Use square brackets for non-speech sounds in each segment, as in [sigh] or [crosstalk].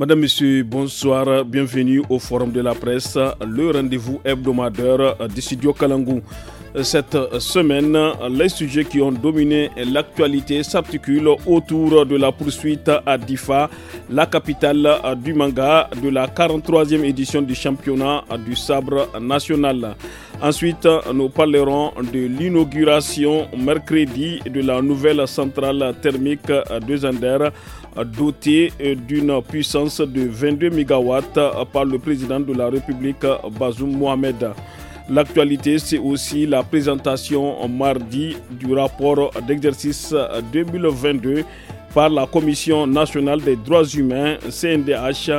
Madame, Monsieur, bonsoir. Bienvenue au Forum de la presse, le rendez-vous hebdomadaire du studio Kalangou. Cette semaine, les sujets qui ont dominé l'actualité s'articulent autour de la poursuite à Difa, la capitale du manga, de la 43e édition du championnat du sabre national. Ensuite, nous parlerons de l'inauguration mercredi de la nouvelle centrale thermique de Zander doté d'une puissance de 22 MW par le président de la République Bazoum Mohamed. L'actualité, c'est aussi la présentation mardi du rapport d'exercice 2022 par la Commission nationale des droits humains, CNDH,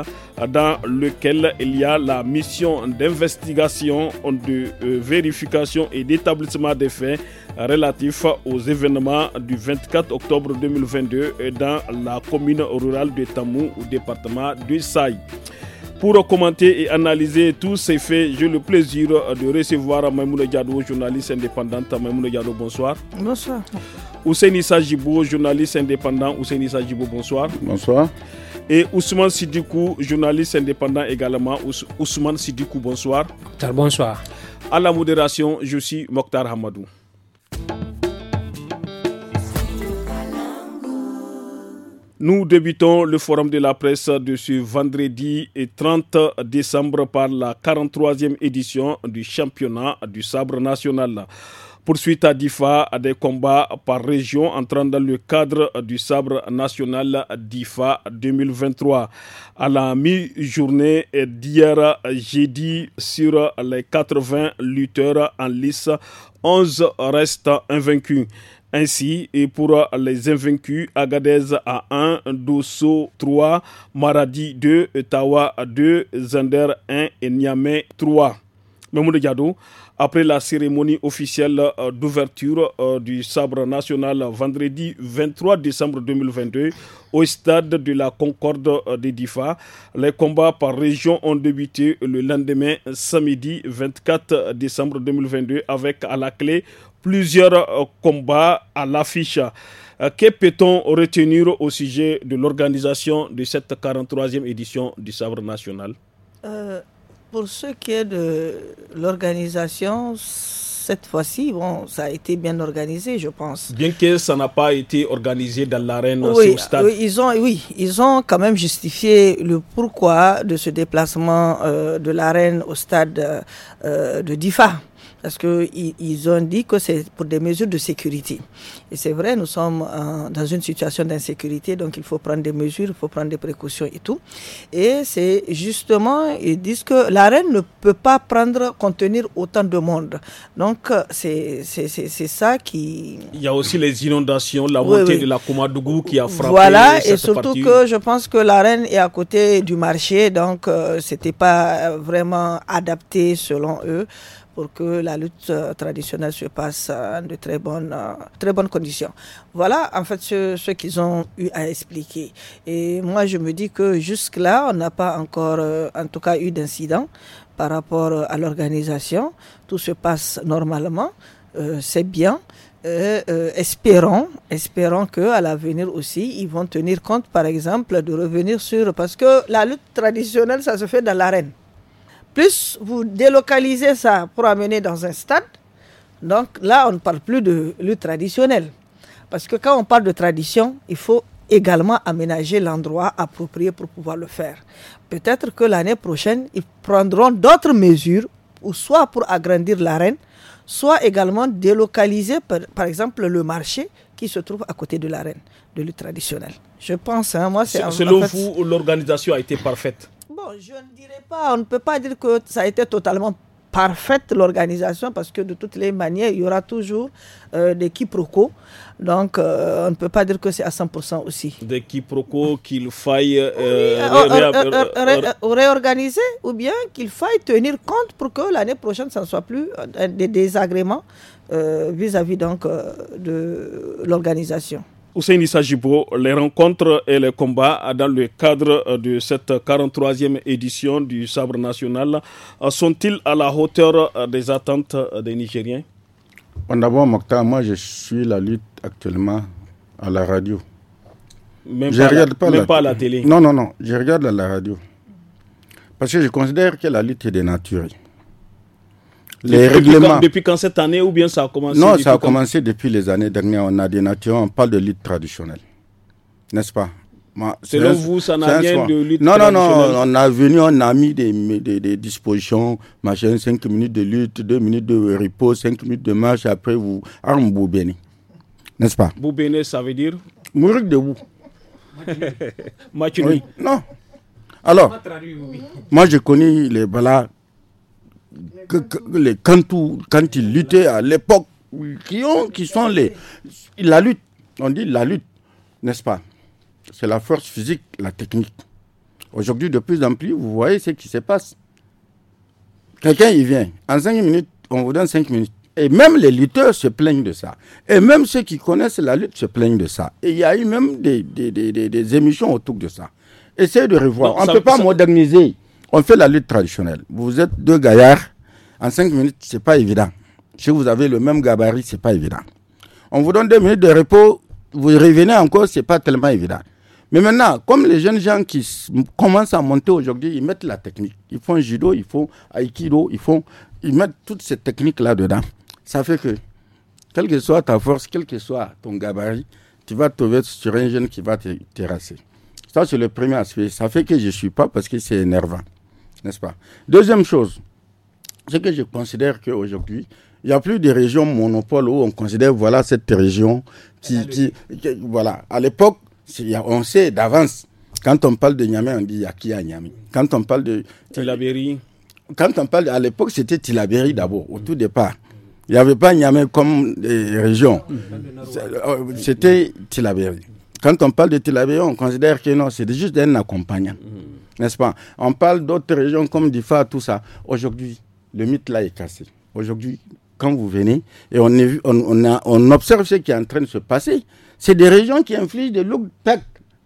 dans lequel il y a la mission d'investigation, de euh, vérification et d'établissement des faits relatifs aux événements du 24 octobre 2022 dans la commune rurale de Tamou au département de Saï. Pour commenter et analyser tous ces faits, j'ai le plaisir de recevoir Maimouna Diado, journaliste indépendante. Maimouna Diado, bonsoir. Bonsoir. Ousseini Sajibo, journaliste indépendant. Ousseini Sajibo, bonsoir. Bonsoir. Et Ousmane Sidikou, journaliste indépendant également. Ousmane Sidikou, bonsoir. Bonsoir. À la modération, je suis Mokhtar Hamadou. Nous débutons le forum de la presse de ce vendredi et 30 décembre par la 43e édition du championnat du sabre national. Poursuite à Difa des combats par région entrant dans le cadre du sabre national Difa 2023. À la mi-journée d'hier jeudi, sur les 80 lutteurs en lice, 11 restent invaincus. Ainsi, et pour les invaincus, Agadez à 1, Dosso 3, Maradi 2, Tawa 2, Zender 1 et Niamey 3. Mamoudou Diado, après la cérémonie officielle euh, d'ouverture euh, du sabre national vendredi 23 décembre 2022 au stade de la Concorde euh, des Difa. Les combats par région ont débuté le lendemain samedi 24 décembre 2022 avec à la clé plusieurs combats à l'affiche. Que peut-on retenir au sujet de l'organisation de cette 43e édition du Sabre national pour ce qui est de l'organisation, cette fois-ci, bon, ça a été bien organisé, je pense. Bien que ça n'a pas été organisé dans l'arène, au stade. Oui ils, ont, oui, ils ont quand même justifié le pourquoi de ce déplacement euh, de l'arène au stade euh, de Difa parce qu'ils ils ont dit que c'est pour des mesures de sécurité. Et c'est vrai, nous sommes euh, dans une situation d'insécurité, donc il faut prendre des mesures, il faut prendre des précautions et tout. Et c'est justement, ils disent que la reine ne peut pas prendre, contenir autant de monde. Donc euh, c'est ça qui... Il y a aussi les inondations, la montée de la Koumadougou qui a frappé. Voilà, et surtout que je pense que la reine est à côté du marché, donc euh, c'était pas vraiment adapté selon eux pour que la lutte euh, traditionnelle se passe dans euh, de très bonnes, euh, très bonnes conditions. Voilà en fait ce, qu'ils ont eu à expliquer. Et moi je me dis que jusque-là, on n'a pas encore en tout cas eu d'incident par rapport à l'organisation. Tout se passe normalement, c'est bien. espérons, espérons que à l'avenir aussi, ils vont tenir compte, par exemple, de revenir sur parce que la lutte traditionnelle, ça se fait dans l'arène. Plus vous délocalisez ça pour amener dans un stade, donc là, on ne parle plus de lutte traditionnelle. Parce que quand on parle de tradition, il faut également aménager l'endroit approprié pour pouvoir le faire. Peut-être que l'année prochaine, ils prendront d'autres mesures, soit pour agrandir l'arène, soit également délocaliser, par, exemple, le marché qui se trouve à côté de l'arène de lutte traditionnelle. Je pense, hein, moi, c'est... Selon en vous, l'organisation a été parfaite Bon, je ne dirais pas, on ne peut pas dire que ça a été totalement parfaite l'organisation parce que de toutes les manières, il y aura toujours euh, des quiproquos. Donc, euh, on ne peut pas dire que c'est à 100% aussi. Des quiproquos qu'il faille réorganiser ou bien qu'il faille tenir compte pour que l'année prochaine, ça ne soit plus euh, des désagréments vis-à-vis -vis donc de l'organisation. Ousseini Sajibo, les rencontres et les combats dans le cadre de cette 43e édition du Sabre national sont-ils à la hauteur des attentes des Nigériens bon, D'abord, Mokta, moi je suis la lutte actuellement à la radio. je pas, regarde pas, la... télé Non, non, non, je regarde la radio. Parce que je considère que la lutte est de nature les depuis règlements. Quand, depuis quand cette année ou bien ça a commencé Non, ça a commencé depuis les années dernières. On a des natures on parle de lutte traditionnelle. N'est-ce pas Selon vous, ça n'a rien de lutte Non, non, non. On a venu, on a mis des, dispositions, machin, 5 minutes de lutte, 2 minutes de repos, 5 minutes de marche, après vous, arme béni N'est-ce pas Boubéné, ça veut dire Mourir debout. Mathieu. Oui. Non. Alors, moi, je connais les balas que, les Kantou, quand ils luttaient à l'époque, qui, ont, qui sont les. La lutte, on dit la lutte, n'est-ce pas C'est la force physique, la technique. Aujourd'hui, de plus en plus, vous voyez ce qui se passe. Quelqu'un, il vient. En 5 minutes, on vous donne 5 minutes. Et même les lutteurs se plaignent de ça. Et même ceux qui connaissent la lutte se plaignent de ça. Et il y a eu même des, des, des, émissions autour de ça. Essayez de revoir. on ne peut pas moderniser. On fait la lutte traditionnelle. Vous êtes deux gaillards, en cinq minutes, c'est pas évident. Si vous avez le même gabarit, c'est pas évident. On vous donne deux minutes de repos, vous revenez encore, c'est pas tellement évident. Mais maintenant, comme les jeunes gens qui commencent à monter aujourd'hui, ils mettent la technique. Ils font judo, ils font aikido, ils font, ils mettent toutes ces techniques là dedans. Ça fait que, quelle que soit ta force, quel que soit ton gabarit, tu vas trouver sur un jeune qui va te terrasser. Ça, c'est le premier aspect. Ça fait que je ne suis pas parce que c'est énervant n'est-ce pas Deuxième chose, ce que je considère qu'aujourd'hui, il n'y a plus de régions monopole où on considère, voilà, cette région qui, voilà. À l'époque, on sait d'avance. Quand on parle de Niamey, on dit y a qui à Niamey. Quand on parle de... Tilaberi. Quand on parle, à l'époque, c'était Tilaberi d'abord, au tout départ. Il n'y avait pas Niamey comme euh, région. Euh, c'était Tilaberi. Quand on parle de Tilaberi, on considère que non, c'était juste un accompagnant. Mm n'est-ce pas On parle d'autres régions comme Difa, tout ça. Aujourd'hui, le mythe là est cassé. Aujourd'hui, quand vous venez, et on, on, on, observe ce qui est en train de se passer, c'est des régions qui infligent des loups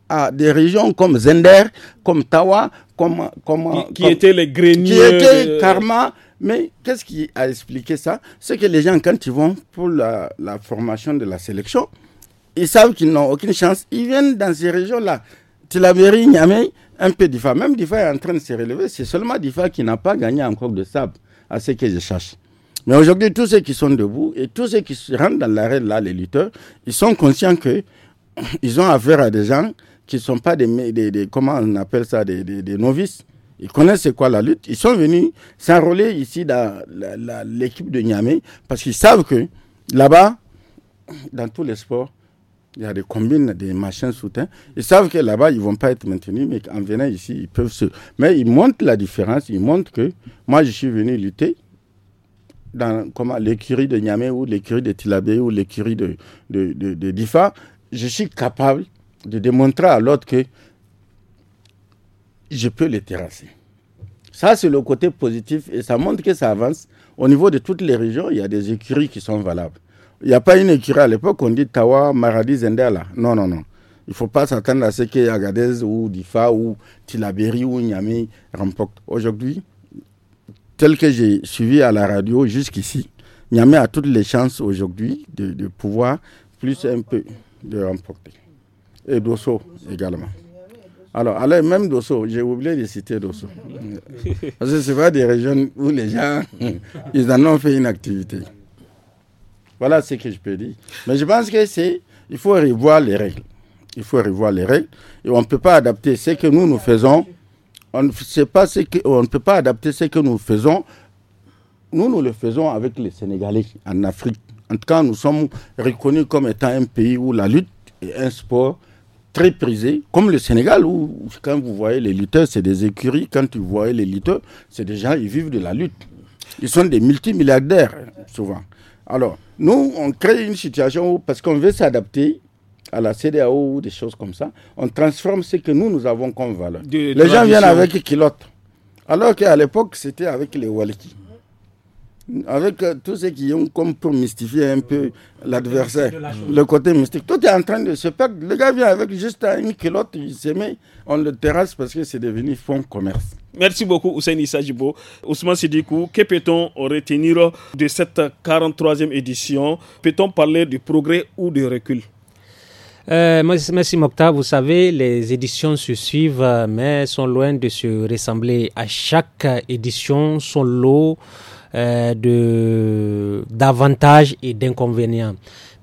à des régions comme Zender, comme Tawa, comme... comme qui, étaient les greniers... Qui étaient Karma. Mais qu'est-ce qui a expliqué ça C'est que les gens, quand ils vont pour la, formation de la sélection, ils savent qu'ils n'ont aucune chance. Ils viennent dans ces régions-là. Tilaberi, Niamey, un peu Difa. Même Difa est en train de se relever. C'est seulement Difa qui n'a pas gagné encore de sable, à ce que je cherche. Mais aujourd'hui, tous ceux qui sont debout et tous ceux qui se rendent dans l'arrêt, là, les lutteurs, ils sont conscients que [clears throat] ils ont affaire à des gens qui ne sont pas des, des, comment on appelle ça, des, novices. Ils connaissent quoi la lutte. Ils sont venus s'enrôler ici dans l'équipe de Niamey parce qu'ils savent que là-bas, dans tous les sports, il y a des combines, des machins soutenus. Ils savent que là-bas, ils ne vont pas être maintenus, mais en venant ici, ils peuvent se. Mais ils montrent la différence, ils montrent que moi, je suis venu lutter dans l'écurie de Niamey ou l'écurie de Tilabé ou l'écurie de, de Difa. Je suis capable de démontrer à l'autre que je peux les terrasser. Ça, c'est le côté positif et ça montre que ça avance. Au niveau de toutes les régions, il y a des écuries qui sont valables. Il n'y a pas une écurie à l'époque, on dit Tawa, Maradi, Zendela. Non, non, non. Il ne faut pas s'attendre à ce que Agadez ou Difa ou Tilaberi ou Niamey remportent. Aujourd'hui, tel que j'ai suivi à la radio jusqu'ici, Niamey a toutes les chances aujourd'hui de, pouvoir plus un peu de remporter. Et Dosso également. Alors, allez même Dosso, j'ai oublié de citer Dosso. Parce que ce pas des régions où les gens, [laughs] ils en ont fait une activité. Voilà ce que je peux dire. Mais je pense que c'est, il faut revoir les règles. Il faut revoir les règles. Et on ne peut pas adapter ce que nous, nous faisons. On ne, sait pas ce que, on ne peut pas adapter ce que nous faisons. Nous, nous le faisons avec les Sénégalais en Afrique. En tout cas, nous sommes reconnus comme étant un pays où la lutte est un sport très prisé, comme le Sénégal, où quand vous voyez les lutteurs, c'est des écuries. Quand vous voyez les lutteurs, c'est des gens, ils vivent de la lutte. Ils sont des multimilliardaires, souvent. Alors, nous, on crée une situation où, parce qu'on veut s'adapter à la CDAO ou des choses comme ça, on transforme ce que nous, nous avons comme valeur. les gens viennent avec kilotes. Alors qu'à l'époque, c'était avec les walkis avec euh, tous ceux qui ont comme pour mystifier un peu euh, l'adversaire, le côté mystique. Tout est en train de se perdre. Le gars vient avec juste une culotte, il se on le terrasse parce que c'est devenu fond commerce. Merci beaucoup Ousmane Isajibo Ousmane Sidikou, que peut-on retenir de cette 43e édition Peut-on parler du progrès ou de recul merci euh, Mokta. Vous savez, les éditions se suivent, mais sont loin de se ressembler. À chaque édition, son lot euh, d'avantages et d'inconvénients.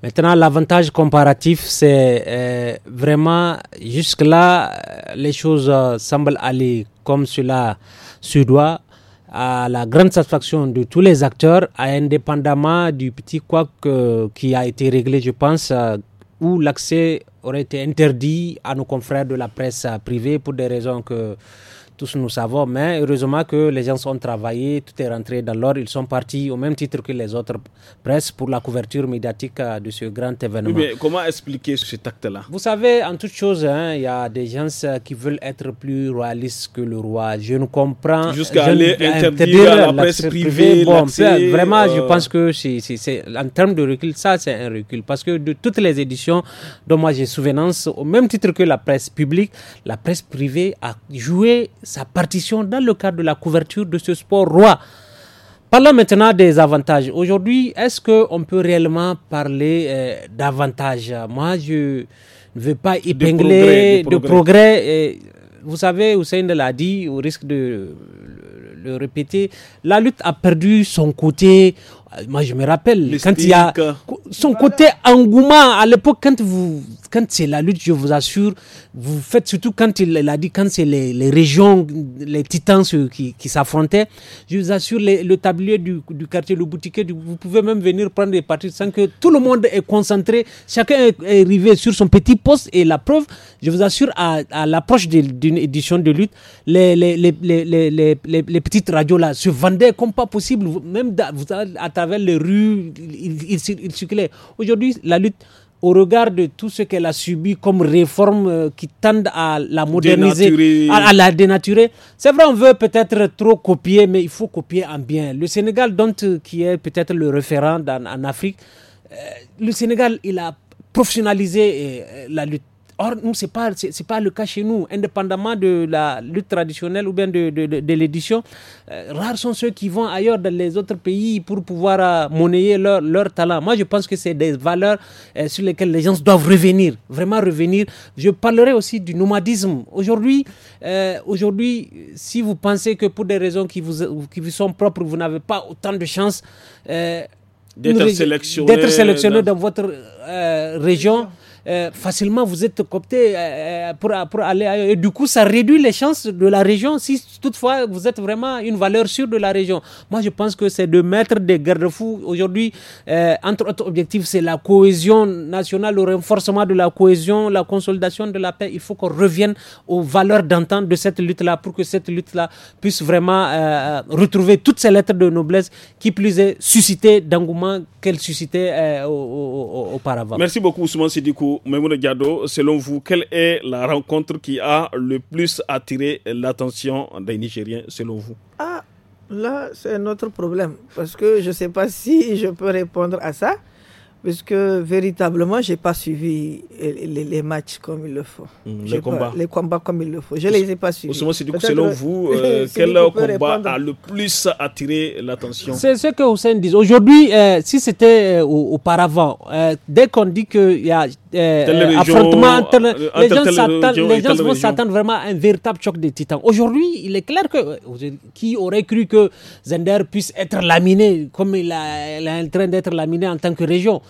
Maintenant, l'avantage comparatif, c'est euh, vraiment jusque-là, les choses euh, semblent aller comme cela se doit, à la grande satisfaction de tous les acteurs, indépendamment du petit quoi que, qui a été réglé, je pense, euh, où l'accès aurait été interdit à nos confrères de la presse privée pour des raisons que nous savons, mais heureusement que les gens sont travaillés, tout est rentré dans l'ordre, ils sont partis au même titre que les autres presses pour la couverture médiatique euh, de ce grand événement. comment expliquer ce acte-là Vous savez, en toute chose, hein, il y a des gens euh, qui veulent être plus royalistes que le roi. Je ne comprends Jusqu'à aller interdire la presse privée. vraiment, je euh, pense que c'est, en termes de recul, ça c'est un recul. Parce que de toutes les éditions dont moi j'ai souvenance, au même titre que la presse publique, la presse privée a joué sa partition dans le cadre de la couverture de ce sport roi. Parlons maintenant des avantages. Aujourd'hui, est-ce qu'on peut réellement parler euh, d'avantages Moi, je ne veux pas épingler de progrès. et, vous savez, Hussein l'a dit, au risque de le, le répéter, la lutte a perdu son côté. Moi, je me rappelle, quand il a son côté engouement à l'époque, quand quand c'est la lutte, je vous assure, vous faites surtout quand il a dit, quand c'est les, les, régions, les titans qui, qui s'affrontaient, je vous assure, le tablier du, du, quartier, le boutiquet, vous pouvez même venir prendre des parties sans que tout le monde est concentré, chacun est, arrivé sur son petit poste et la preuve, je vous assure, à, l'approche d'une édition de lutte, les, les, petites radios là se vendaient comme pas possible, même vous à, avec les rues, il circulait. Aujourd'hui, la lutte, au regard de tout ce qu'elle a subi comme réforme euh, qui tendent à la moderniser, à, la dénaturer. C'est vrai, on veut peut-être trop copier, mais il faut copier en bien. Le Sénégal, dont, euh, qui est peut-être le référent en Afrique, euh, le Sénégal, il a professionnalisé la lutte. Or, ce n'est pas, pas le cas chez nous. Indépendamment de la lutte traditionnelle ou bien de, de, l'édition, euh, rares sont ceux qui vont ailleurs dans les autres pays pour pouvoir euh, monnayer leur, leur, talent. Moi, je pense que c'est des valeurs euh, sur lesquelles les gens doivent revenir, vraiment revenir. Je parlerai aussi du nomadisme. Aujourd'hui, aujourd'hui si vous pensez que pour des raisons qui vous, qui vous sont propres, vous n'avez pas autant de chance d'être sélectionné, sélectionné, dans, dans votre région euh, facilement vous êtes coopté euh, euh, pour, aller ailleurs. Et du coup, ça réduit les chances de la région si toutefois vous êtes vraiment une valeur sûre de la région. Moi, je pense que c'est de mettre des garde-fous. Aujourd'hui, entre autres objectifs, c'est la cohésion nationale, le renforcement de la cohésion, la consolidation de la paix. Il faut qu'on revienne aux valeurs d'entente de cette lutte-là pour que cette lutte-là puisse vraiment retrouver toutes ces lettres de noblesse qui plus est suscité d'engouement qu'elle suscitait auparavant. Merci beaucoup Ousmane Sidikou. Mais Diado, selon vous, quelle est la rencontre qui a le plus attiré l'attention des Nigériens, selon vous Ah, là, c'est notre problème, parce que je ne sais pas si je peux répondre à ça parce que véritablement, j'ai pas suivi les, matchs comme il le faut. Hmm, les combats. les combats comme il le faut. Je les ai pas suivis. selon vous, [laughs] euh, quel combat a le plus attiré l'attention C'est ce que Hussein dit. Aujourd'hui, euh, si c'était euh, auparavant, dès qu'on dit qu'il y a affrontement les gens, les vont s'attendre vraiment à un véritable choc des titans. Aujourd'hui, il est clair que qui aurait cru que Zender puisse être laminé comme il, il est en train d'être laminé en tant que région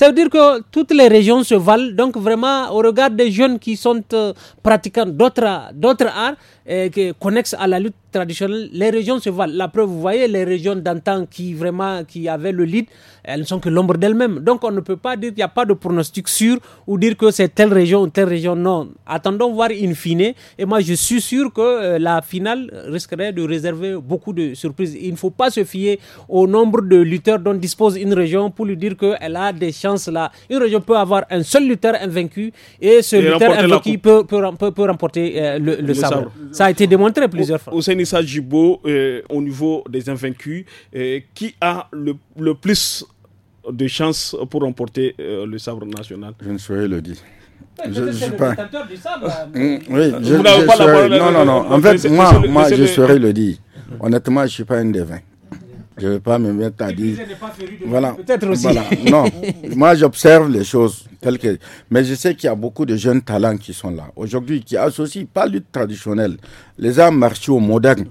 Ça veut dire que toutes les régions se valent. Donc vraiment, au regard des jeunes qui sont euh, pratiquants d'autres, d'autres arts et euh, qui connexes à la lutte traditionnelle, les régions se valent. La preuve, vous voyez, les régions d'antan qui vraiment qui avaient le lead, elles ne sont que l'ombre d'elles-mêmes. Donc on ne peut pas dire qu'il n'y a pas de pronostic sûr ou dire que c'est telle région ou telle région. Non, attendons voir in fine. Et moi, je suis sûr que euh, la finale risquerait de réserver beaucoup de surprises. Il ne faut pas se fier au nombre de lutteurs dont dispose une région pour lui dire qu'elle a des chances là Une région peut avoir un seul lutteur invaincu et ce lutteur invaincu peut, peut, peut, remporter euh, le, sabre. Ça a été démontré plusieurs fois. au Issa Djibo, euh, au niveau des invaincus, euh, qui a le, le plus de chances pour remporter euh, le sabre national Je ne saurais le dire. Je ne suis pas. Du sabre. Hein, oui, je, je, Non, non, non. En fait, moi, moi je saurais le dire. Honnêtement, je ne suis pas un des je ne vais pas me mettre à dire. Voilà. Peut-être aussi. Non, [laughs] moi j'observe les choses telles que. Mais je sais qu'il y a beaucoup de jeunes talents qui sont là aujourd'hui, qui associent pas lutte traditionnelle, les arts martiaux modernes,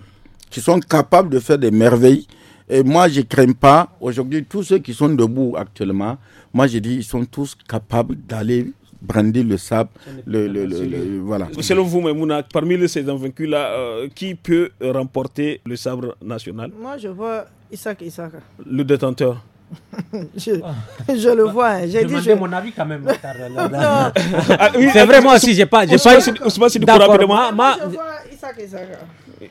qui sont capables de faire des merveilles. Et moi, je ne crains pas. Aujourd'hui, tous ceux qui sont debout actuellement, moi, je dis, ils sont tous capables d'aller brandir le sable. Le, le, voilà. Selon vous, Maimouna, parmi ces invaincus-là, euh, qui peut remporter le sabre national Moi, je vois Isaac Isaka. Le détenteur [laughs] je, le vois. Hein. J'ai dit. Je... mon avis quand même. [laughs] ah, oui, c'est vraiment si j'ai pas, j'ai pas. Ousmane, si rapidement. Moi, je vois Isaac Isaka.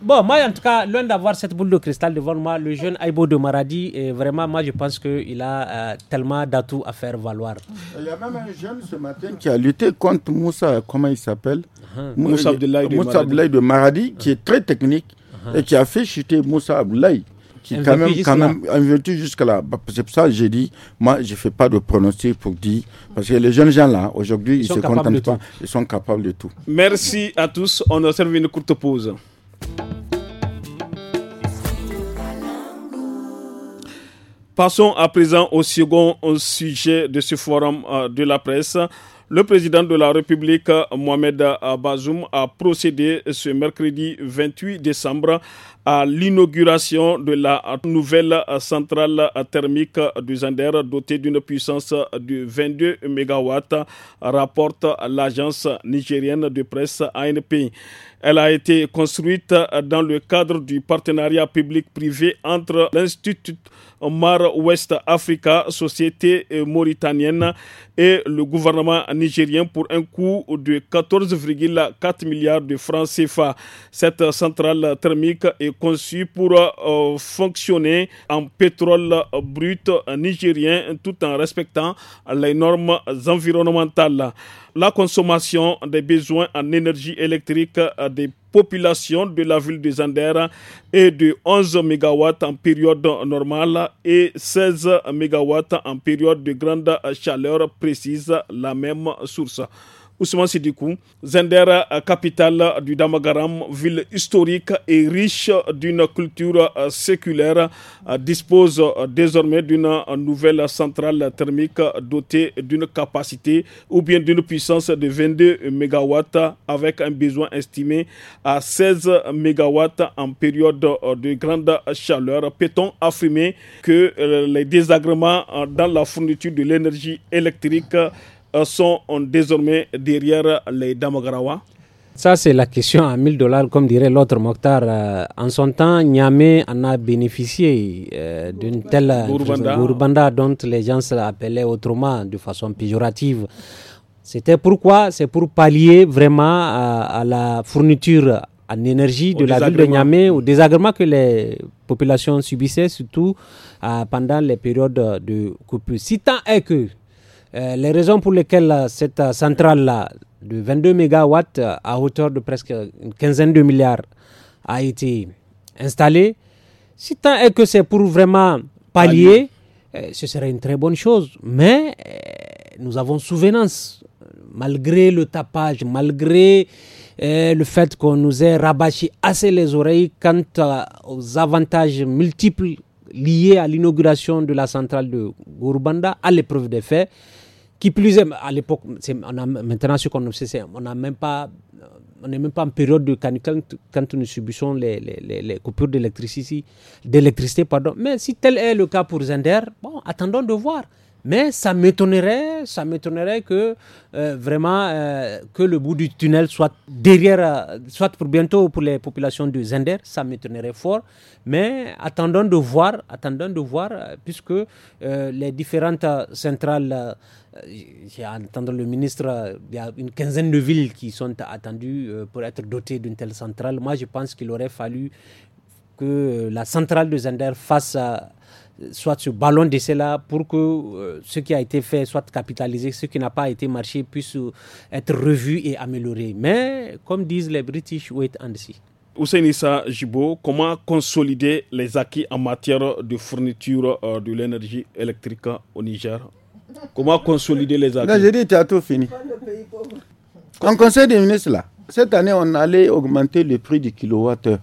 Bon, moi, en tout cas, loin d'avoir cette boule de cristal devant moi, le jeune Aibo de Maradi, est vraiment, moi, je pense qu'il a euh, tellement d'atouts à faire valoir. Il y a même un jeune ce matin qui a lutté contre Moussa, comment il s'appelle uh-huh. Moussa Abdoulaye de, Maradi, de Maradi qui est très technique uh-huh. et qui a fait chuter Moussa Abdoulaye qui est quand même, quand même jusqu'à jusqu'à là C'est pour ça que j'ai dit, moi, je ne fais pas de pronostic pour dire, parce que les jeunes gens-là, aujourd'hui, ils, ils se contentent pas, ils sont capables de tout. Merci à tous. On observe une courte pause. Passons à présent au second sujet de ce forum euh, de la presse. Le président de la République, Mohamed Bazoum, a procédé ce mercredi 28 décembre à l'inauguration de la nouvelle centrale thermique du Zander dotée d'une puissance de 22 MW, rapporte l'agence nigérienne de presse ANP. Elle a été construite dans le cadre du partenariat public-privé entre l'Institut Mar West Africa, société mauritanienne, et le gouvernement nigérien pour un coût de 14,4 milliards de francs CFA. Cette centrale thermique est conçu pour euh, fonctionner en pétrole brut nigérien tout en respectant les normes environnementales. La consommation des besoins en énergie électrique des populations de la ville de Zander est de 11 MW en période normale et 16 MW en période de grande chaleur, précise la même source. Ousmane Sidikou, Zender, euh, capitale du Damagaram, ville historique et riche d'une culture euh, séculaire, euh, dispose désormais d'une nouvelle centrale thermique dotée d'une capacité ou bien d'une puissance de 22 MW avec un besoin estimé à 16 MW en période de grande chaleur. Peut-on affirmer que les désagréments dans la fourniture de l'énergie électrique euh, sont désormais derrière les Damagarawa ça, c'est la question à 1000 dollars, comme dirait l'autre Mokhtar. Euh, en son temps, Niamey en a bénéficié euh, d'une telle Gourbanda. dont les gens l'appelaient autrement, de façon péjorative. C'était pourquoi C'est pour pallier vraiment à, la fourniture en énergie de la ville de Niamey, au mm. désagrément que les populations subissaient, surtout pendant les périodes de coupure. Si tant est que euh, les raisons pour lesquelles euh, cette euh, centrale de 22 MW à hauteur de presque une quinzaine de milliards a été installée, si tant est que c'est pour vraiment pallier, ce serait une très bonne chose. Mais nous avons souvenance, malgré le tapage, malgré le fait qu'on nous ait rabâché assez les oreilles quant aux avantages multiples liés à l'inauguration de la centrale de Gourbanda à l'épreuve des faits. Qui plus est, à l'époque, on maintenant ce qu'on ne sait, on n'a n'est même pas en période de canicule quand, nous subissons les, coupures d'électricité, pardon. Mais si tel est le cas pour Zender, bon, attendons de voir. Mais ça m'étonnerait, ça m'étonnerait que euh, vraiment euh, que le bout du tunnel soit derrière, euh, soit pour bientôt pour les populations de Zender, ça m'étonnerait fort. Mais attendons de voir, attendons de voir, puisque les différentes centrales euh, j'ai entendu le ministre, euh, il y a une quinzaine de villes qui sont attendues euh, pour être dotées d'une telle centrale. Moi, je pense qu'il aurait fallu que la centrale de Zender fasse soit ce ballon d'essai là pour que ce qui a été fait soit capitalisé, ce qui n'a pas été marché puisse être revu et amélioré. Mais comme disent les British, wait and see. Ousseinissa Jibo, comment consolider les acquis en matière de fourniture de l'énergie électrique au Niger Comment consolider les actes Non, j'ai dit, tu as tout fini. En conseil des ministres, là, cette année, on allait augmenter le prix du kilowattheure.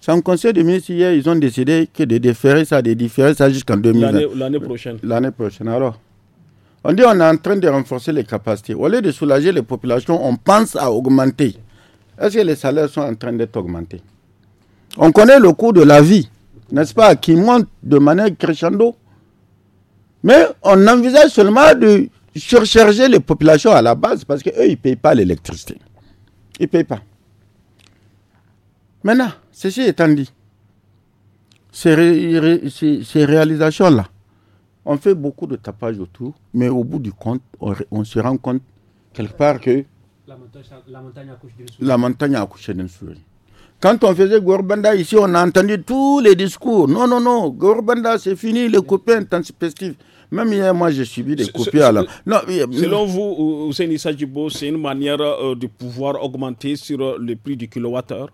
Sans conseil des ministres, hier, ils ont décidé que de déférer ça, de différer ça jusqu'en 2020. L'année prochaine. L'année prochaine, alors. On dit on est en train de renforcer les capacités. Au lieu de soulager les populations, on pense à augmenter. Est-ce que les salaires sont en train d'être augmentés On connaît le coût de la vie, n'est-ce pas, qui monte de manière crescendo. Mais on envisage seulement de surcharger les populations à la base parce qu'eux, ils ne payent pas l'électricité. Ils ne payent pas. Maintenant, ceci étant dit, ces, réalisations-là, on fait beaucoup de tapage autour, mais au bout du compte, on, se rend compte quelque part que la montagne, a accouché d'un sourire. Quand on faisait Gorbanda ici, on a entendu tous les discours. Non, non, non, Gorbanda, c'est fini, les copains intensives. Même hier, moi, j'ai subi des coupures. Selon vous, c'est une manière euh, de pouvoir augmenter sur euh, le prix du kilowattheure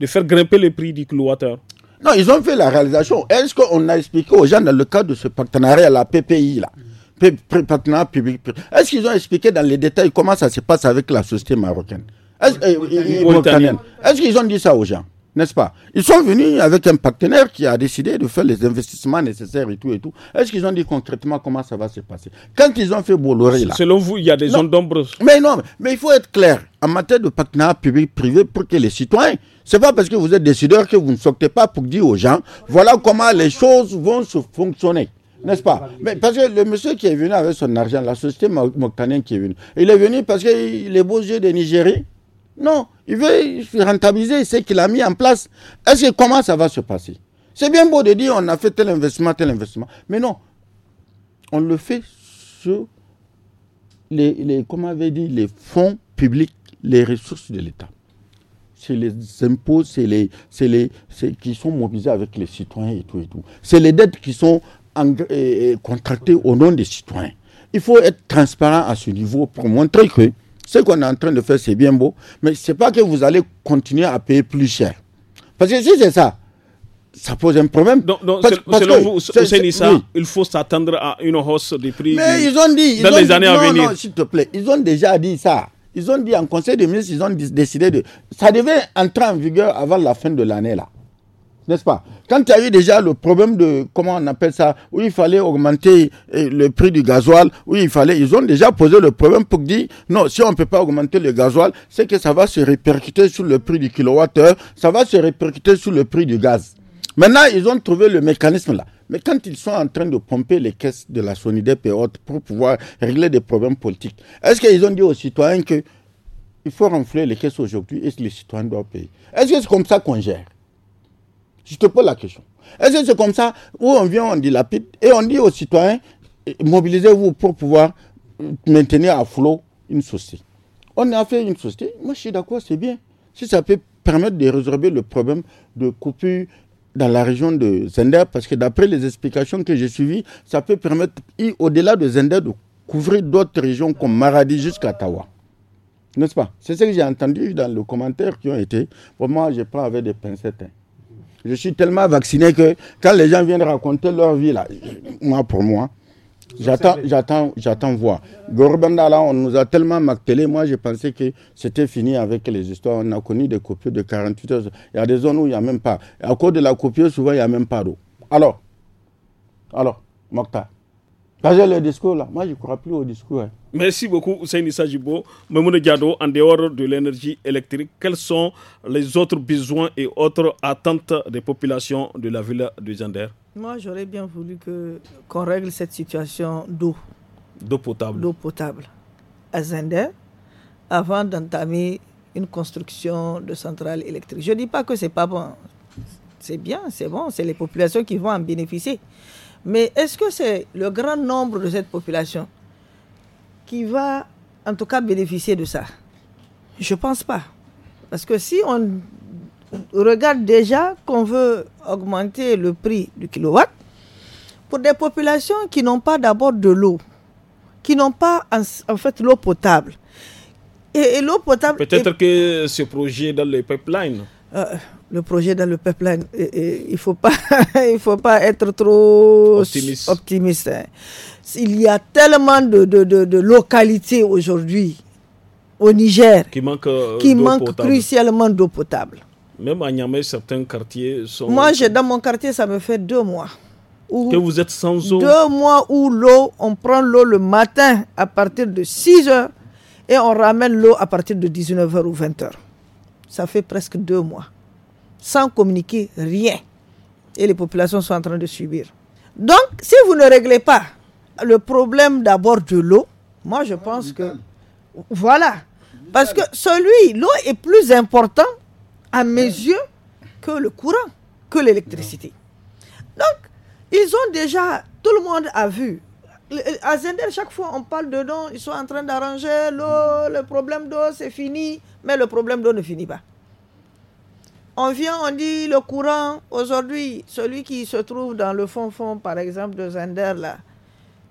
De faire grimper le prix du kilowattheure Non, ils ont fait la réalisation. Est-ce qu'on a expliqué aux gens dans le cadre de ce partenariat, à la PPI, là Partenariat public. Est-ce qu'ils ont expliqué dans les détails comment ça se passe avec la société marocaine euh, euh, Est-ce qu'ils ont dit ça aux gens n'est-ce pas Ils sont venus avec un partenaire qui a décidé de faire les investissements nécessaires et tout et tout. Est-ce qu'ils ont dit concrètement comment ça va se passer Quand ils ont fait Bolloré là. Selon vous, il y a des zones d'ombre. Mais non, mais il faut être clair en matière de partenariat public-privé pour que les citoyens, c'est pas parce que vous êtes décideur que vous ne sortez pas pour dire aux gens voilà comment les choses vont se fonctionner. N'est-ce pas Mais parce que le monsieur qui est venu avec son argent, la société mauritanienne qui est venue, il est venu parce que les beaux yeux de Nigérie non, il veut rentabiliser ce qu'il a mis en place. Est-ce que comment ça va se passer C'est bien beau de dire on a fait tel investissement, tel investissement. Mais non, on le fait sur les, avait les fonds publics, les ressources de l'État. C'est les impôts, c'est les, les qui sont mobilisés avec les citoyens et tout et tout. C'est les dettes qui sont contractées au nom des citoyens. Il faut être transparent à ce niveau pour montrer que ce qu'on est en train de faire, c'est bien beau, mais ce n'est pas que vous allez continuer à payer plus cher. Parce que si c'est ça, ça pose un problème. parce, que, vous, ça il faut s'attendre à une hausse des prix mais ils ont dit, dans les années à venir. s'il te plaît, ils ont déjà dit ça. Ils ont dit en conseil des ministres, ils ont décidé de... Ça devait entrer en vigueur avant la fin de l'année, là n'est-ce pas Quand il y a eu déjà le problème de, comment on appelle ça, où il fallait augmenter eh, le prix du gasoil, où il fallait, ils ont déjà posé le problème pour dire, non, si on ne peut pas augmenter le gasoil, c'est que ça va se répercuter sur le prix du kilowattheure, ça va se répercuter sur le prix du gaz. Maintenant, ils ont trouvé le mécanisme là. Mais quand ils sont en train de pomper les caisses de la SONIDEP et pour pouvoir régler des problèmes politiques, est-ce qu'ils ont dit aux citoyens qu'il faut renfler les caisses aujourd'hui et que les citoyens doivent payer Est-ce que c'est comme ça qu'on gère je te pose la question. Est-ce que c'est comme ça où on vient, on dilapide et on dit aux citoyens, eh, mobilisez-vous pour pouvoir euh, maintenir à flot une société On a fait une société, moi je suis d'accord, c'est bien. Si ça peut permettre de résorber le problème de coupure dans la région de Zender, parce que d'après les explications que j'ai suivies, ça peut permettre, au-delà de Zender, de couvrir d'autres régions comme Maradi jusqu'à Tawa. N'est-ce pas C'est ce que j'ai entendu dans les commentaires qui ont été. Pour moi, je prends avec des pincettes. Hein. Je suis tellement vacciné que quand les gens viennent raconter leur vie, là, moi, pour moi, j'attends, voir. Gorbanda, là, on nous a tellement martelé. Moi, je pensais que c'était fini avec les histoires. On a connu des coupures de 48 heures. Il y a des zones où il n'y a même pas. à cause de la coupure, souvent, il n'y a même pas d'eau. Alors, alors, Mokta, quand j'ai le discours, là, moi, je ne crois plus au discours. Hein. Merci beaucoup, Issa Sajibo. Memoune Diado, en dehors de l'énergie électrique, quels sont les autres besoins et autres attentes des populations de la ville de Zander Moi, j'aurais bien voulu qu'on règle cette situation d'eau. D'eau potable. D'eau potable. À Zander, avant d'entamer une construction de centrales électriques. Je ne dis pas que ce n'est pas bon. C'est bien, c'est bon, c'est les populations qui vont en bénéficier. Mais est-ce que c'est le grand nombre de cette population qui va, en tout cas, bénéficier de ça Je ne pense pas. Parce que si on regarde déjà qu'on veut augmenter le prix du kilowatt, pour des populations qui n'ont pas d'abord de l'eau, qui n'ont pas en, fait l'eau potable. Et, l'eau potable. Peut-être que ce projet dans les pipelines euh, le projet dans le peuple, hein, il faut pas, [laughs] il faut pas être trop optimiste. Hein. Il y a tellement de, localités aujourd'hui au Niger qui euh, manquent qui manque crucialement d'eau potable. Même à Niamey, certains quartiers sont. Moi, j'ai dans mon quartier, ça me fait deux mois. que vous êtes sans eau. Deux mois où l'eau, on prend l'eau le matin à partir de 6 heures et on ramène l'eau à partir de 19h ou 20h ça fait presque deux mois, sans communiquer rien. Et les populations sont en train de subir. Donc, si vous ne réglez pas le problème d'abord de l'eau, moi je pense que... Voilà. Parce que celui, l'eau est plus important à mes yeux que le courant, que l'électricité. Donc, ils ont déjà, tout le monde a vu euh, à Zender, chaque fois, on parle de ils sont en train d'arranger l'eau, mm. le problème d'eau, c'est fini, mais le problème d'eau ne finit pas. On vient, on dit le courant, aujourd'hui, celui qui se trouve dans le fond-fond, par exemple, de Zender, là,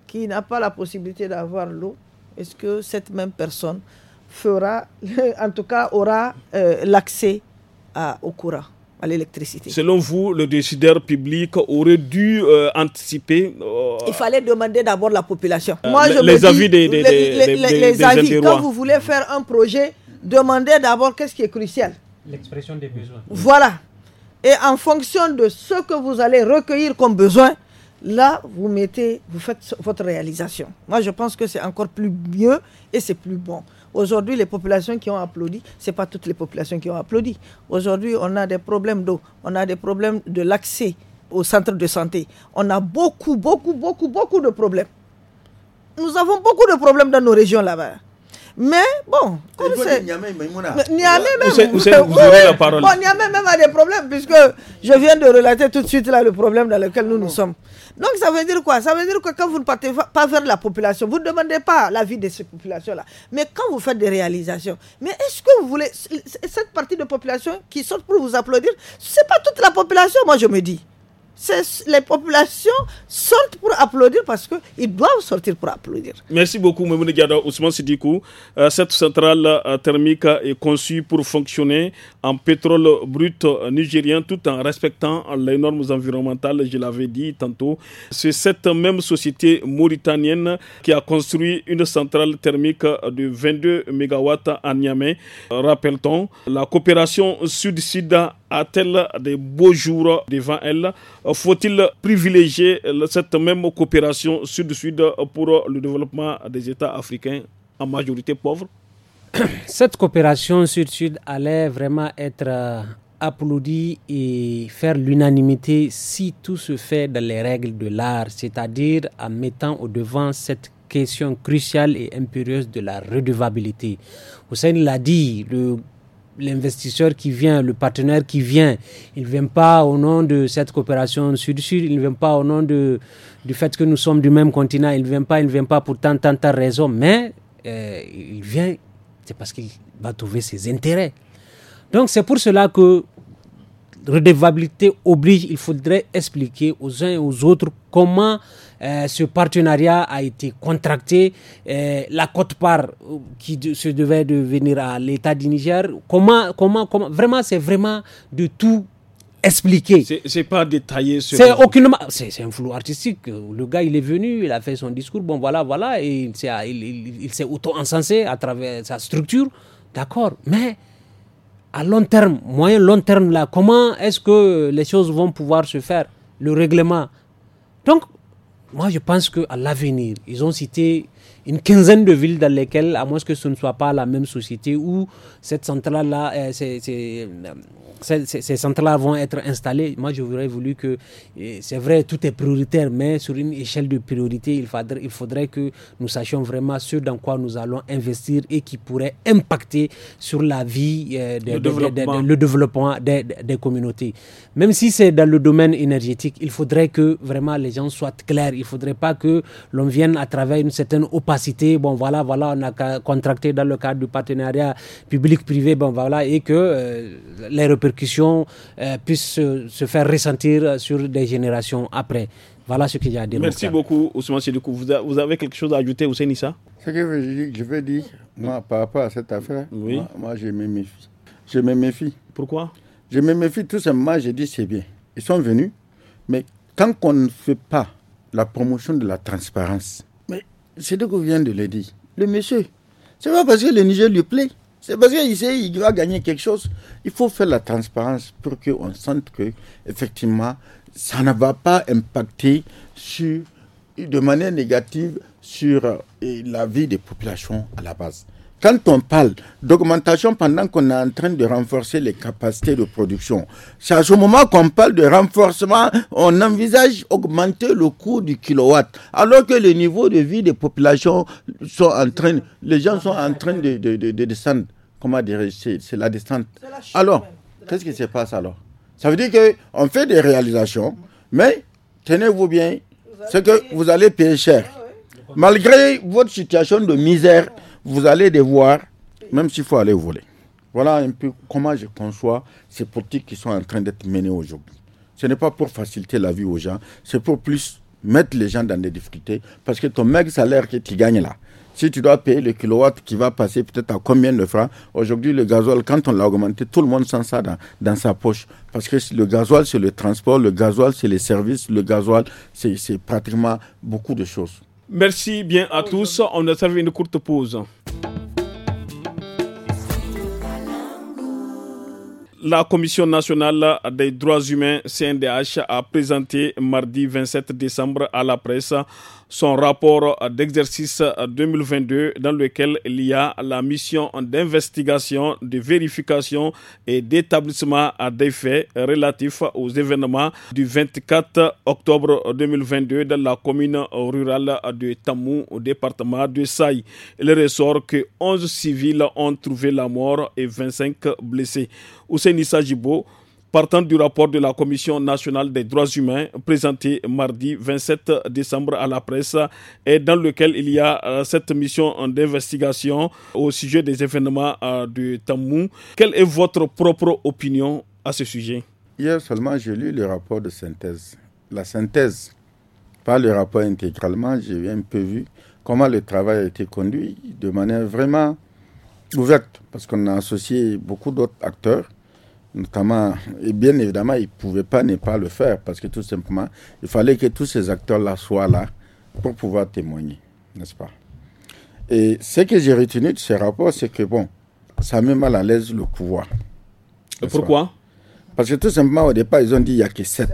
qui n'a pas la possibilité d'avoir l'eau, est-ce que cette même personne fera, [laughs] en tout cas, aura euh, l'accès au courant à l'électricité. Selon vous, le décideur public aurait dû euh, anticiper euh, Il fallait demander d'abord la population. Euh, les avis des, des, avis. Quand vous voulez faire un projet, demandez d'abord qu'est-ce qui est crucial. L'expression des besoins. Voilà. Et en fonction de ce que vous allez recueillir comme besoin, là, vous mettez, vous faites votre réalisation. Moi, je pense que c'est encore plus mieux et c'est plus bon. Aujourd'hui, les populations qui ont applaudi, ce n'est pas toutes les populations qui ont applaudi. Aujourd'hui, on a des problèmes d'eau, on a des problèmes de l'accès au centre de santé. On a beaucoup, beaucoup, beaucoup, beaucoup de problèmes. Nous avons beaucoup de problèmes dans nos régions là-bas. Mais bon, comme même. Vous la même a des problèmes, puisque je viens de relater tout de suite là le problème dans lequel nous nous sommes. Donc ça veut dire quoi Ça veut dire que quand vous ne partez pas vers la population, vous ne demandez pas l'avis de ces populations-là. Mais quand vous faites des réalisations, mais est-ce que vous voulez cette partie de population qui sort pour vous applaudir C'est pas toute la population, moi je me dis les populations sortent pour applaudir parce qu'ils doivent sortir pour applaudir. Merci beaucoup, Mme Gada Ousmane Sidikou. Euh, cette centrale euh, thermique est conçue pour fonctionner en pétrole brut euh, nigérien tout en respectant les normes environnementales, je l'avais dit tantôt. C'est cette même société mauritanienne qui a construit une centrale thermique de 22 MW à Niamey. Rappelle-t-on, la coopération sud-sud a-t-elle des beaux jours devant elle Faut-il privilégier cette même coopération sud-sud pour le développement des États africains en majorité pauvre [coughs] Cette coopération sud-sud allait vraiment être euh, applaudie et faire l'unanimité si tout se fait dans les règles de l'art, c'est-à-dire en mettant au devant cette question cruciale et impérieuse de la redevabilité. Hussein l'a dit, le l'investisseur qui vient, le partenaire qui vient, il ne vient pas au nom de cette coopération sud-sud, il ne vient pas au nom de, du fait que nous sommes du même continent, il ne vient pas, il vient pas pour tant, tant, tant raison, mais euh, il vient, c'est parce qu'il va trouver ses intérêts. Donc c'est pour cela que redevabilité oblige, il faudrait expliquer aux uns et aux autres comment euh, ce partenariat a été contracté. Euh, la cote-part euh, qui se devait de venir à l'État du Niger. Comment, comment, comment Vraiment, c'est vraiment de tout expliquer. C'est pas détaillé. C'est aucunement. C'est un flou artistique. Le gars, il est venu, il a fait son discours. Bon, voilà, voilà, et il s'est il, auto-encensé à travers sa structure. D'accord, mais à long terme, moyen long terme là, comment est-ce que les choses vont pouvoir se faire, le règlement. Donc moi, je pense qu'à l'avenir, ils ont cité une quinzaine de villes dans lesquelles, à moins que ce ne soit pas la même société, où cette centrale-là, euh, euh, ces, centrales-là vont être installées. Moi, je voudrais voulu que, c'est vrai, tout est prioritaire, mais sur une échelle de priorité, il faudrait, il faudrait que nous sachions vraiment ce dans quoi nous allons investir et qui pourrait impacter sur la vie, euh, le, développement. des, des communautés. Même si c'est dans le domaine énergétique, il faudrait que vraiment les gens soient clairs. Il ne faudrait pas que l'on vienne à travers une certaine opacité bon voilà, voilà, on a contracté dans le cadre du partenariat public-privé, bon voilà, et que euh, les répercussions euh, puissent se, faire ressentir sur des générations après. Voilà ce qu'il y a à dire. Merci beaucoup, Ousmane Sidoukou. Vous, avez quelque chose à ajouter, Ousmane Issa Ce que je veux dire, moi, par rapport à cette affaire, moi, je me méfie. Je me méfie. Pourquoi Je me méfie tout simplement, je dis c'est bien. Ils sont venus, mais quand qu'on ne fait pas la promotion de la transparence, c'est ce vous vient de le dire. Le monsieur, c'est pas parce que le Niger lui plaît. C'est parce qu'il sait qu'il va gagner quelque chose. Il faut faire la transparence pour qu'on sente que, effectivement, ça ne va pas impacter sur, de manière négative sur euh, la vie des populations à la base. Quand on parle d'augmentation pendant qu'on est en train de renforcer les capacités de production, c'est à ce moment qu'on parle de renforcement, on envisage augmenter le coût du kilowatt, alors que le niveau de vie des populations sont en train, les gens sont en train de, descendre. Comment dire, c'est la descente. Alors, qu'est-ce qui se passe alors Ça veut dire qu'on fait des réalisations, mais tenez-vous bien, c'est que vous allez payer cher. Ah Malgré votre situation de misère, vous allez devoir, même s'il faut aller voler. Voilà un peu comment je conçois ces politiques qui sont en train d'être menées aujourd'hui. Ce n'est pas pour faciliter la vie aux gens, c'est pour plus mettre les gens dans des difficultés parce que ton mec salaire que tu gagnes là, si tu dois payer le kilowatt qui va passer peut-être à combien de francs, aujourd'hui le gasoil, quand on l'a augmenté, tout le monde sent ça dans, dans sa poche. Parce que le gasoil, c'est le transport, le gasoil, c'est les services, le gasoil, c'est pratiquement beaucoup de choses. Merci bien à tous. On a servi une courte pause. La Commission nationale des droits humains, CNDH, a présenté mardi 27 décembre à la presse son rapport d'exercice 2022 dans lequel il y a la mission d'investigation, de vérification et d'établissement des faits relatifs aux événements du 24 octobre 2022 dans la commune rurale de Tamou au département de Saï. Il ressort que 11 civils ont trouvé la mort et 25 blessés. Ousse partant du rapport de la Commission nationale des droits humains présenté mardi 27 décembre à la presse et dans lequel il y a euh, cette mission d'investigation au sujet des événements euh, du Tamou, Quelle est votre propre opinion à ce sujet Hier seulement, j'ai lu le rapport de synthèse. La synthèse, pas le rapport intégralement, j'ai un peu vu comment le travail a été conduit de manière vraiment ouverte, parce qu'on a associé beaucoup d'autres acteurs notamment, et bien évidemment, ils ne pouvaient pas ne pas le faire parce que tout simplement, il fallait que tous ces acteurs-là soient là pour pouvoir témoigner, n'est-ce pas Et ce que j'ai retenu de ce rapport, c'est que, bon, ça met mal à l'aise le pouvoir. Et pourquoi Parce que tout simplement, au départ, ils ont dit qu'il n'y a que 7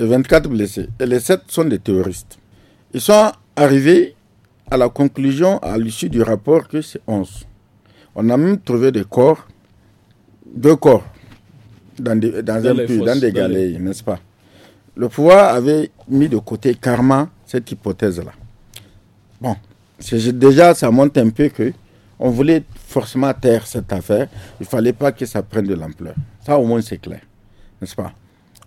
et 24 blessés. Et les 7 sont des terroristes. Ils sont arrivés à la conclusion, à l'issue du rapport, que c'est 11. On a même trouvé des corps, deux corps dans des, dans, un puits, dans des galeries, n'est-ce pas Le pouvoir avait mis de côté karma cette hypothèse-là. Bon, déjà, ça montre un peu que on voulait forcément taire cette affaire. Il fallait pas que ça prenne de l'ampleur. Ça, au moins, c'est clair, n'est-ce pas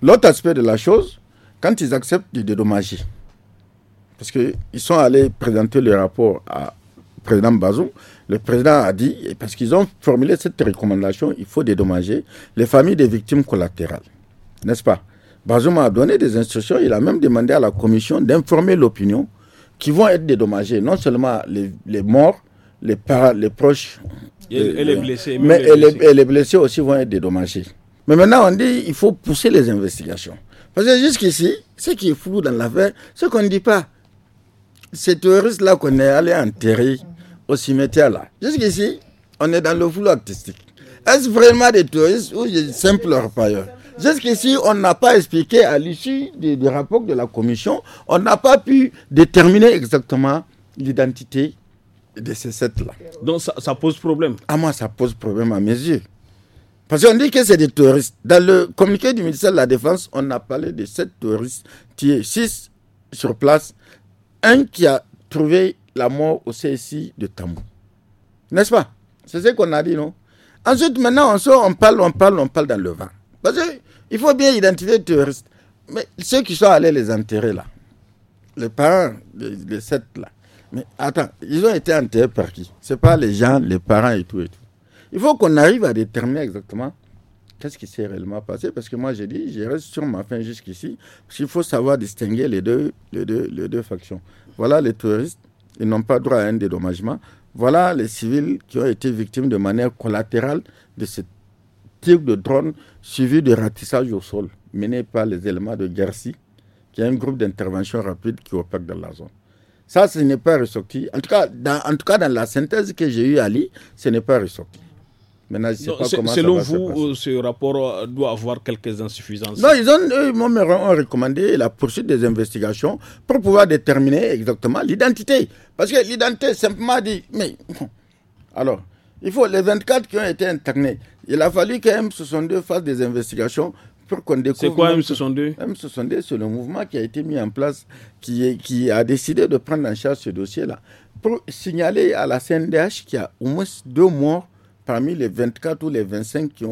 L'autre aspect de la chose, quand ils acceptent de dédommager, parce qu'ils sont allés présenter le rapport à président Bazou, le président a dit, parce qu'ils ont formulé cette recommandation, il faut dédommager les familles des victimes collatérales. N'est-ce pas Bazouma a donné des instructions, il a même demandé à la commission d'informer l'opinion qui vont être dédommagés, non seulement les, morts, les, parents, les proches, et, les blessés, mais les blessés. aussi vont être dédommagés. Mais maintenant, on dit il faut pousser les investigations. Parce que jusqu'ici, ce qui est flou dans l'affaire, ce qu'on ne dit pas. Ces terroristes-là qu'on est allé enterrer, au cimetière là. Jusqu'ici, on est dans le flou artistique. Est-ce vraiment des touristes ou des simples repailleurs Jusqu'ici, on n'a pas expliqué à l'issue des, rapports de la commission, on n'a pas pu déterminer exactement l'identité de ces sept-là. Donc ça, pose problème À ah, moi, ça pose problème à mes yeux. Parce qu'on dit que c'est des touristes. Dans le communiqué du ministère de la Défense, on a parlé de sept touristes, qui six sur place, un qui a trouvé la mort au CSI de Tambou. N'est-ce pas C'est ce qu'on a dit, non Ensuite, maintenant, on sort, on parle, on parle, on parle dans le vent. Parce qu'il faut bien identifier les terroristes. Mais ceux qui sont allés les enterrer, là, les parents de, cette, là, mais attends, ils ont été enterrés par qui Ce pas les gens, les parents et tout et tout. Il faut qu'on arrive à déterminer exactement qu'est-ce qui s'est réellement passé. Parce que moi, j'ai dit, je reste sur ma fin jusqu'ici. Parce qu'il faut savoir distinguer les deux, les, deux, les deux factions. Voilà les touristes. Ils n'ont pas droit à un dédommagement. Voilà les civils qui ont été victimes de manière collatérale de ce type de drone suivi de ratissage au sol mené par les éléments de Gersi, qui est un groupe d'intervention rapide qui opère dans la zone. Ça, ce n'est pas ressorti. En tout cas, dans, en tout cas, dans la synthèse que j'ai eue à lire, ce n'est pas ressorti selon vous, euh, ce rapport euh, doit avoir quelques insuffisances. Non, ils ont, recommandé la poursuite des investigations pour pouvoir déterminer exactement l'identité. Parce que l'identité, simplement dit, mais [laughs] alors, il faut les 24 qui ont été internés. Il a fallu que M62 fasse des investigations pour qu'on découvre. C'est quoi M62 M62, c'est le mouvement qui a été mis en place, qui, qui a décidé de prendre en charge ce dossier-là, pour signaler à la CNDH qu'il y a au moins deux morts parmi les 24 ou les 25 qui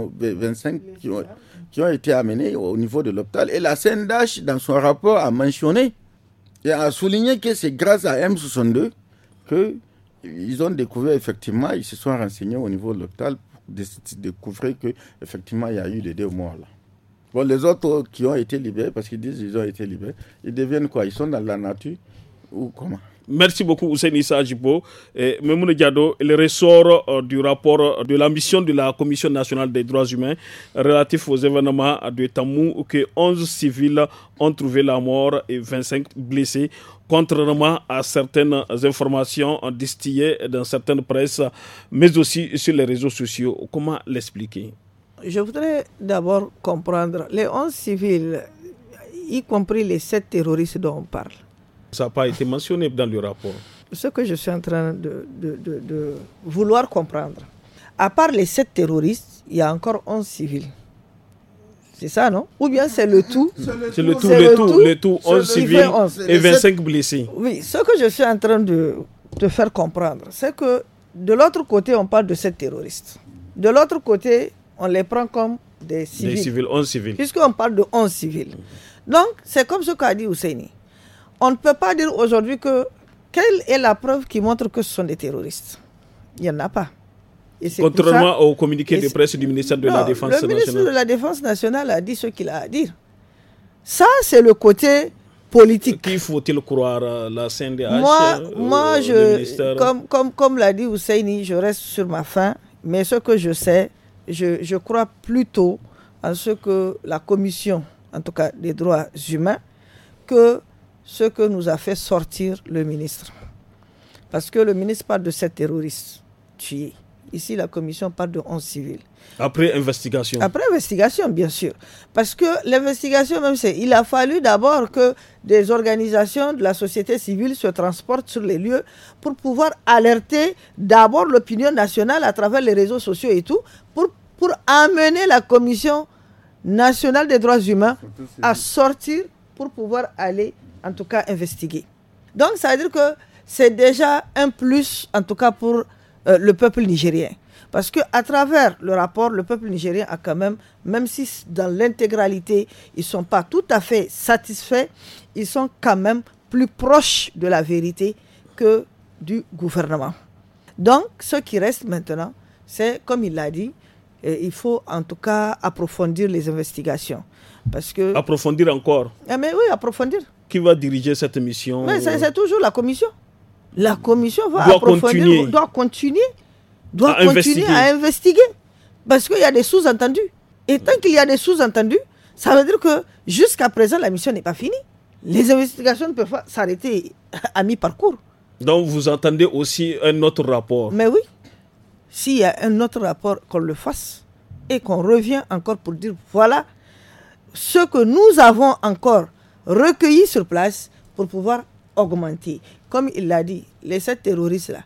ont, été amenés au niveau de l'hôpital. Et la CNDH, dans son rapport, a mentionné et a souligné que c'est grâce à M62 qu'ils ont découvert effectivement, ils se sont renseignés au niveau de l'hôpital pour découvrir qu'effectivement il y a eu des deux morts là. Bon, les autres qui ont été libérés, parce qu'ils disent qu'ils ont été libérés, ils deviennent quoi Ils sont dans la nature ou comment Merci beaucoup, Hussein Issa Ajibo. Memoune Diado, le ressort euh, du rapport euh, de la mission de la Commission nationale des droits humains relatif aux événements de Tamou, que 11 civils ont trouvé la mort et 25 blessés contrairement à certaines informations distillées dans certaines presses, mais aussi sur les réseaux sociaux. Comment l'expliquer Je voudrais d'abord comprendre les 11 civils, y compris les 7 terroristes dont on parle. Ça n'a pas été mentionné dans le rapport. Ce que je suis en train de, de, vouloir comprendre, à part les sept terroristes, il y a encore 11 civils. C'est ça, non Ou bien c'est le tout C'est le tout, le, tout, le tout, 11 civils et 25 blessés. Oui, ce que je suis en train de te faire comprendre, c'est que de l'autre côté, on parle de sept terroristes. De l'autre côté, on les prend comme des civils. Des civils, 11 civils. Puisqu'on parle de 11 civils. Donc, c'est comme ce qu'a dit Ousseini. On ne peut pas dire aujourd'hui que quelle est la preuve qui montre que ce sont des terroristes Il n'y en a pas. Contrairement au communiqué de presse du ministère de la Défense nationale. Le ministre de la Défense nationale a dit ce qu'il a à dire. Ça, c'est le côté politique. Qui faut-il croire euh, La CNDH Moi, euh, je, comme, comme, comme l'a dit Husseini, je reste sur ma faim. Mais ce que je sais, je, je crois plutôt en ce que la Commission, en tout cas des droits humains, que ce que nous a fait sortir le ministre. Parce que le ministre parle de sept terroristes tués. Ici, la commission parle de 11 civils. Après investigation. Après investigation, bien sûr. Parce que l'investigation, même c'est, il a fallu d'abord que des organisations de la société civile se transportent sur les lieux pour pouvoir alerter d'abord l'opinion nationale à travers les réseaux sociaux et tout, pour, pour amener la commission nationale des droits humains à sortir pour pouvoir aller, en tout cas, investiguer. Donc, ça veut dire que c'est déjà un plus, en tout cas, pour euh, le peuple nigérien. Parce que à travers le rapport, le peuple nigérien a quand même, même si dans l'intégralité, ils ne sont pas tout à fait satisfaits, ils sont quand même plus proches de la vérité que du gouvernement. Donc, ce qui reste maintenant, c'est, comme il l'a dit, euh, il faut en tout cas approfondir les investigations que... Approfondir encore. Ah, mais oui, approfondir. Qui va diriger cette mission c'est toujours la commission. La commission va doit approfondir, continuer. doit continuer, doit à continuer à investiguer. Parce qu'il y a des sous-entendus. Et tant qu'il y a des sous-entendus, ça veut dire que jusqu'à présent, la mission n'est pas finie. Les investigations ne peuvent pas s'arrêter à mi-parcours. Donc vous entendez aussi un autre rapport. Mais oui. S'il y a un autre rapport, qu'on le fasse et qu'on revient encore pour dire voilà ce que nous avons encore recueilli sur place pour pouvoir augmenter. Comme il l'a dit, les sept terroristes-là,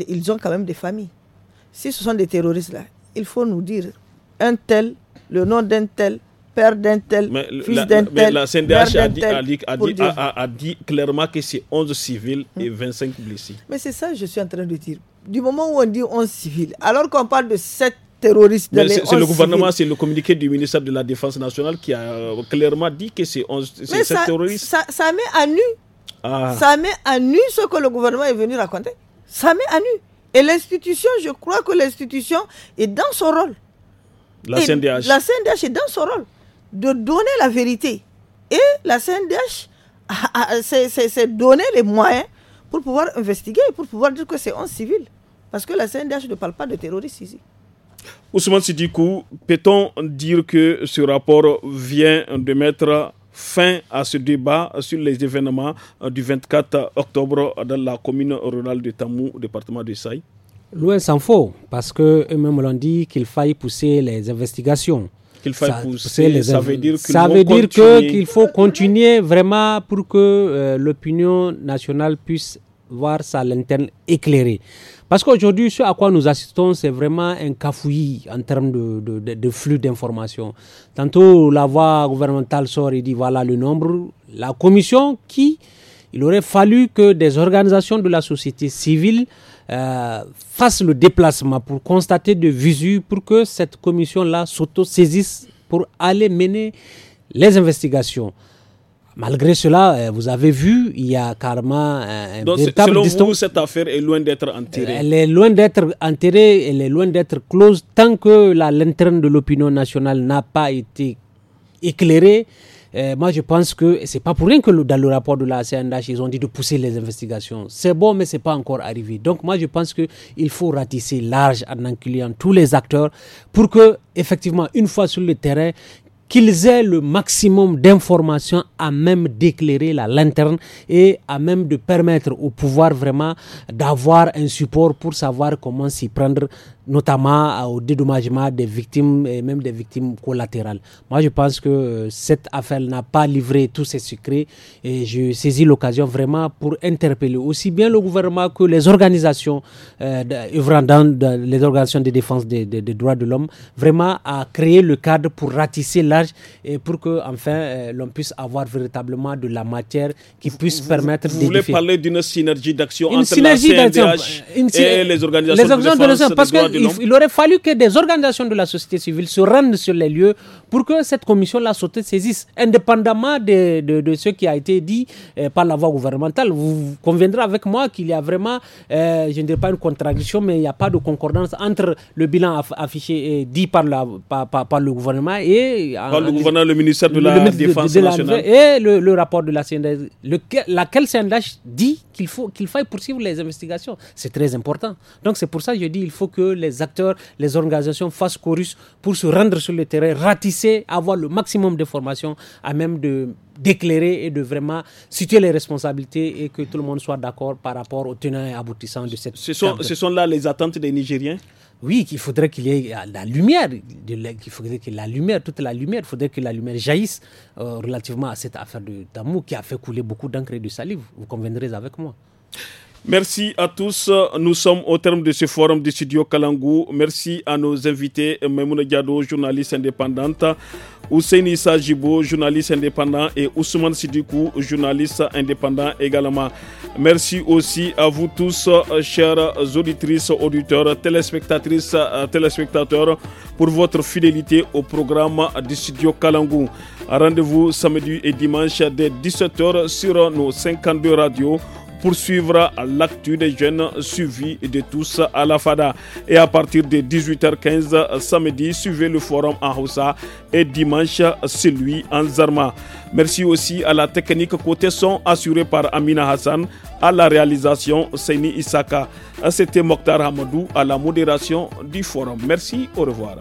ils ont quand même des familles. Si ce sont des terroristes-là, il faut nous dire un tel, le nom d'un tel, père d'un tel, fils d'un tel. Mais la CNDH a dit, clairement que c'est 11 civils et 25 hum. blessés. Mais c'est ça que je suis en train de dire. Du moment où on dit 11 civils, alors qu'on parle de sept terroristes C'est le gouvernement, c'est le communiqué du ministère de la Défense nationale qui a euh, clairement dit que c'est un terroristes. Ça, met à nu. Ah. Ça met à nu ce que le gouvernement est venu raconter. Ça met à nu. Et l'institution, je crois que l'institution est dans son rôle. La CNDH. La CNDH est dans son rôle de donner la vérité. Et la CNDH s'est donné les moyens pour pouvoir investiguer, pour pouvoir dire que c'est 11 civils. Parce que la CNDH ne parle pas de terroristes ici. Ousmane Sidikou, peut-on dire que ce rapport vient de mettre fin à ce débat sur les événements euh, du 24 octobre dans la commune rurale de Tamou, département de Saï Loin s'en faut, parce que mêmes l'ont dit qu'il faille pousser les investigations. Qu'il faille pousser, les ça veut dire qu'il faut continuer vraiment pour que euh, l'opinion nationale puisse voir sa lanterne éclairée. Parce qu'aujourd'hui, ce à quoi nous assistons, c'est vraiment un cafouillis en termes de, de, flux d'informations. Tantôt, la voix gouvernementale sort et dit voilà le nombre. La commission qui, il aurait fallu que des organisations de la société civile euh, fassent le déplacement pour constater de visu, pour que cette commission-là s'auto-saisisse pour aller mener les investigations. Malgré cela, euh, vous avez vu, il y a karma euh, un Donc, selon vous, cette affaire est loin d'être enterrée Elle est loin d'être enterrée, elle est loin d'être close tant que la lanterne de l'opinion nationale n'a pas été éclairée. Euh, moi, je pense que c'est pas pour rien que le, dans le rapport de la CNH ils ont dit de pousser les investigations. C'est bon, mais c'est pas encore arrivé. Donc, moi, je pense que il faut ratisser large en incluant tous les acteurs pour que, effectivement, une fois sur le terrain, qu'ils aient le maximum d'informations à même d'éclairer la lanterne et à même de permettre au pouvoir vraiment d'avoir un support pour savoir comment s'y prendre notamment euh, au dédommagement des victimes et même des victimes collatérales. Moi, je pense que euh, cette affaire n'a pas livré tous ses secrets et je saisis l'occasion vraiment pour interpeller aussi bien le gouvernement que les organisations euh, œuvrant dans, les organisations de défense des, droits de l'homme vraiment à créer le cadre pour ratisser l'âge et pour que enfin l'on puisse avoir véritablement de la matière qui puisse permettre de Vous voulez parler d'une synergie d'action entre synergie la CNDH et les organisations, de défense des droits de il, aurait fallu que des organisations de la société civile se rendent sur les lieux pour que cette commission-là et saisisse, indépendamment de, de, ce qui a été dit euh, par la voie gouvernementale. Vous conviendrez avec moi qu'il y a vraiment, euh, je ne dirais pas une contradiction, mais il n'y a pas de concordance entre le bilan affiché et dit par, la, par, par, le gouvernement et... Euh, par le gouvernement, le ministère de la Défense nationale. et le, rapport de la CNDH, laquelle CNDH dit qu'il faut qu'il faille poursuivre les investigations. C'est très important. Donc c'est pour ça que je dis il faut que les les acteurs, les organisations fassent chorus pour se rendre sur le terrain, ratisser, avoir le maximum de formations à même de d'éclairer et de vraiment situer les responsabilités et que tout le monde soit d'accord par rapport au tenant et aboutissant de cette. Ce sont, ce sont là les attentes des Nigériens oui, qu'il faudrait qu'il y ait la lumière, qu'il faudrait que la lumière, toute la lumière, il faudrait que la lumière jaillisse euh, relativement à cette affaire de Tamou qui a fait couler beaucoup d'encre et de salive. Vous conviendrez avec moi. Merci à tous. Nous sommes au terme de ce forum du Studio Kalangou. Merci à nos invités, Memoun Diado, journaliste indépendante, Ousseini Sajibo, journaliste indépendant, et Ousmane Sidikou, journaliste indépendant également. Merci aussi à vous tous, chers auditrices, auditeurs, téléspectatrices, téléspectateurs, pour votre fidélité au programme du Studio Kalangou. Rendez-vous samedi et dimanche dès 17h sur nos 52 radios poursuivre l'actu des jeunes suivi de tous à la FADA. Et à partir de 18h15 samedi, suivez le forum en Houssa et dimanche celui en Zarma. Merci aussi à la technique côté son assurée par Amina Hassan, à la réalisation Seini Isaka. C'était Mokhtar Hamadou à la modération du forum. Merci, au revoir.